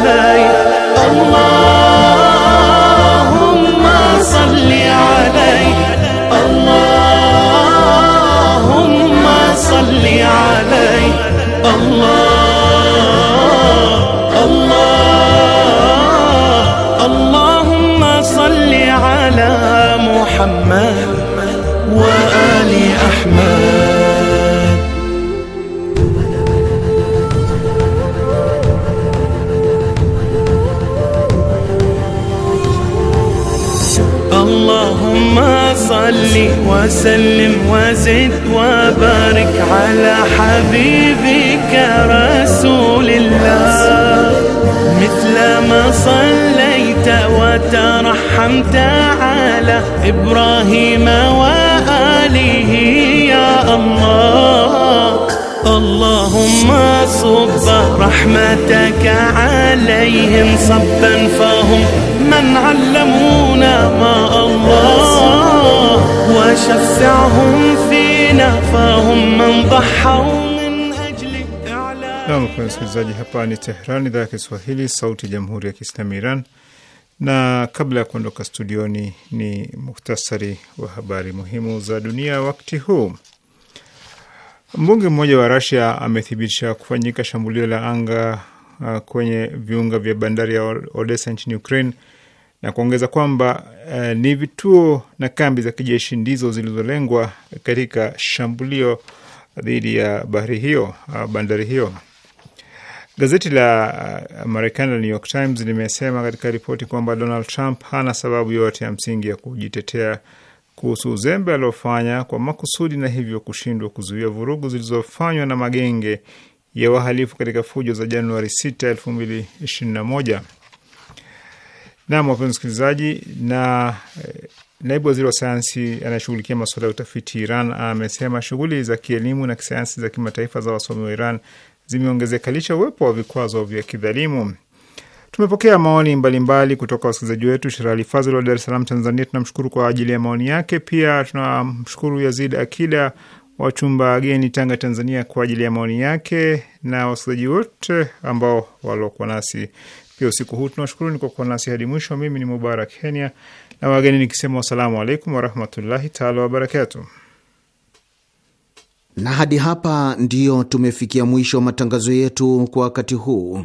علي اللهم صل علي اللهم صل علي الله الله اللهم صل على محمد صلي وسلم وزد وبارك على حبيبك رسول الله مثل ما صليت وترحمت على إبراهيم وآله يا الله اللهم صب رحمتك عليهم صبا فهم من علمونا ما الله وشفعهم فينا فهم من ضحوا Mpenzi msikilizaji, hapa ni Tehran, idhaa ya Kiswahili, sauti ya jamhuri ya kiislamu Iran. Na kabla ya kuondoka studioni, ni muhtasari wa habari muhimu za dunia wakati huu. Mbunge mmoja wa Rasia amethibitisha kufanyika shambulio la anga uh, kwenye viunga vya bandari ya Odessa nchini Ukraine na kuongeza kwamba uh, ni vituo na kambi za kijeshi ndizo zilizolengwa katika shambulio dhidi ya bahari hiyo, uh, bandari hiyo. Gazeti la uh, Marekani la New York Times limesema katika ripoti kwamba Donald Trump hana sababu yoyote ya msingi ya kujitetea kuhusu uzembe aliofanya kwa makusudi na hivyo kushindwa kuzuia vurugu zilizofanywa na magenge ya wahalifu katika fujo za Januari 6, 2021. Naam, wapenzi msikilizaji, na eh, naibu waziri wa sayansi anayeshughulikia masuala ya utafiti Iran amesema shughuli za kielimu na kisayansi za kimataifa za wasomi wa Iran zimeongezeka licha uwepo wa vikwazo vya kidhalimu. Tumepokea maoni mbalimbali kutoka wasikilizaji wetu. Sherali Fazl wa Dar es Salaam, Tanzania, tunamshukuru kwa ajili ya maoni yake. Pia tunamshukuru Yazid Akida wa chumba geni, Tanga, Tanzania, kwa ajili ya maoni yake na wasikilizaji wote ambao waliokuwa nasi pia usiku huu. Tunawashukuruni kwa kuwa nasi hadi mwisho. Mimi ni Mubarak Kenya na wageni nikisema wassalamu alaikum warahmatullahi taala wabarakatu. Na hadi hapa ndiyo tumefikia mwisho wa matangazo yetu kwa wakati huu.